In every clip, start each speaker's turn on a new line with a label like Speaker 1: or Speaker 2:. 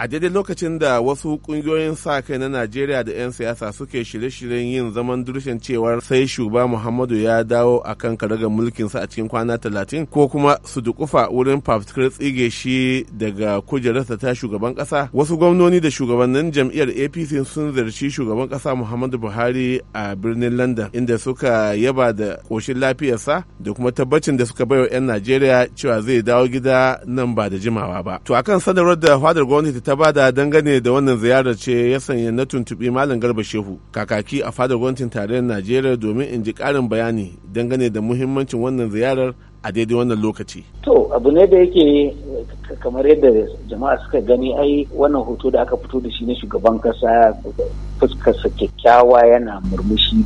Speaker 1: A daidai lokacin da wasu kungiyoyin sa kai na Najeriya da 'yan siyasa suke shirye-shiryen yin zaman dirshin cewar sai shuba Muhammadu ya dawo a kan karagar mulkinsa a cikin kwana talatin ko kuma su dukufa wurin fafutukar tsige shi daga kujerarsa ta shugaban kasa. Wasu gwamnoni da shugabannin jam'iyyar APC sun zarci shugaban kasa Muhammadu Buhari a birnin London inda suka yaba da koshin lafiyarsa da kuma tabbacin da suka bai wa 'yan Najeriya cewa zai dawo gida nan ba da jimawa ba. To akan sanarwar da fadar gwamnati ta bada dangane da wannan ziyarar ce ya sanya na tuntuɓi Malam Garba Shehu kakaki a fadar gwamnatin tarayyar Najeriya domin in ji ƙarin bayani dangane da muhimmancin wannan ziyarar a daidai wannan lokaci.
Speaker 2: To abu ne da yake kamar yadda jama'a suka gani ai wannan hoto da aka fito da shi na shugaban kasa fuskarsa kyakkyawa yana murmushi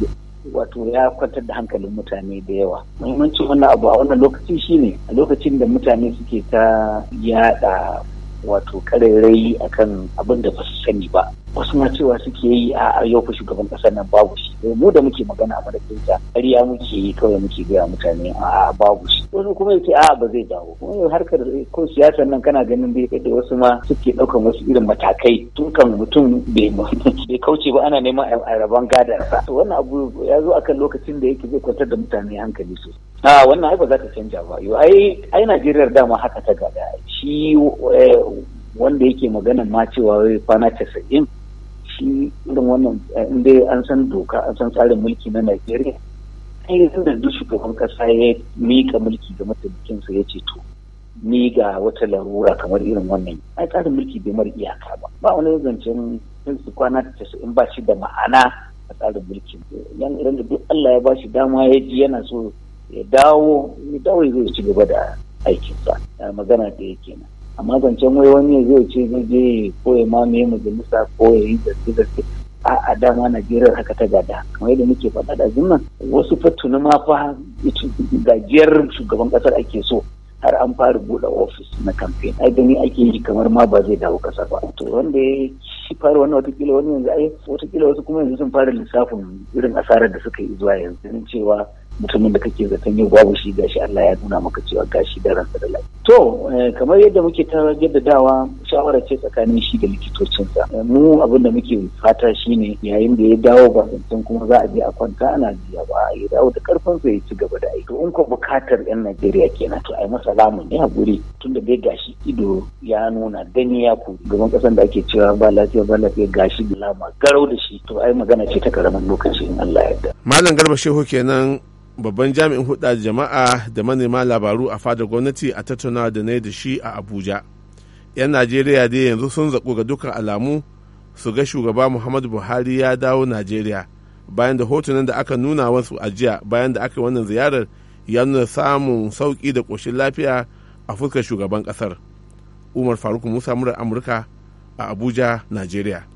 Speaker 2: wato ya kwantar da hankalin mutane da yawa muhimmancin wannan abu a wannan lokaci shine a lokacin da mutane suke ta yada wato kararrai akan abin da ba su sani ba wasu ma cewa suke yi a yau shugaban kasar nan babu shi mu da muke magana a ta ƙarya muke yi kawai muke gaya mutane a babu shi wasu kuma yake a ba zai dawo Kuma harkar ko siyasar nan kana ganin bai da wasu ma suke ɗaukan wasu irin matakai tun kan mutum bai kauce ba ana neman a rabon gadarsa to wannan abu ya zo akan lokacin da yake zai kwantar da mutane hankali sosai a wannan ai ba za ta canja ba yau ai ai Najeriya dama haka ta gada shi eh, wanda yake maganan ma cewa kwana casa'in shi irin wannan eh, inda an san doka an san tsarin mulki na najeriya ainihin da duk shugaban kasa ya mika mulki ga mataimakinsa ya ce to ni ga wata larura kamar irin wannan ai tsarin mulki bai mara iyaka ba ba wani zancen su kwana casa'in ba shi da ma'ana a tsarin mulki yan da duk allah ya ba shi dama ya ji yana so ya dawo ya dawo ya ci gaba da aikinsa magana da yake nan amma zancen wai wani zai ce zai je ko ya mamaye majalisa ko ya yi zarge zarge a a dama najeriya haka ta gada kamar yadda muke faɗa da zimman wasu fattuna ma fa gajiyar shugaban ƙasar ake so har an fara buɗe ofis na kamfen ai gani ake yi kamar ma ba zai dawo ƙasa ba to wanda ya shi fara wannan watakila wani yanzu ai watakila wasu kuma yanzu sun fara lissafin irin asarar da suka yi zuwa yanzu cewa mutumin da kake zaton yau babu shi gashi Allah ya nuna maka cewa gashi da ransa da lafiya. To eh, kamar yadda muke ta jaddadawa shawara ce tsakanin shi da likitocinsa. Eh, mu abin da muke fata shine yayin da ya dawo ba zancen kuma za a je a kwanta ana jiya ba ya dawo da karfin sa ya ci gaba da aiki. In ko bukatar 'yan Najeriya kenan to ai masa lamun ne a Tun tunda bai gashi ido ya nuna dani ya ku gaban kasan da ake cewa ba lafiya ba lafiya gashi da lama garau da shi to ai magana ce ta karamin lokaci in Allah
Speaker 1: ya yarda. Malam Garba Shehu kenan babban jami'in hudu jama'a da manema labaru a fadar gwamnati a tattaunawa da na da shi a abuja 'yan najeriya dai yanzu sun zaɓo ga dukkan alamu su ga shugaba muhammadu buhari ya dawo najeriya bayan da hotunan da aka nuna wasu a jiya bayan da aka yi wannan ziyarar ya nuna samun sauƙi da ƙoshin lafiya a fuskar shugaban ƙasar umar faruk musa murar amurka a abuja najeriya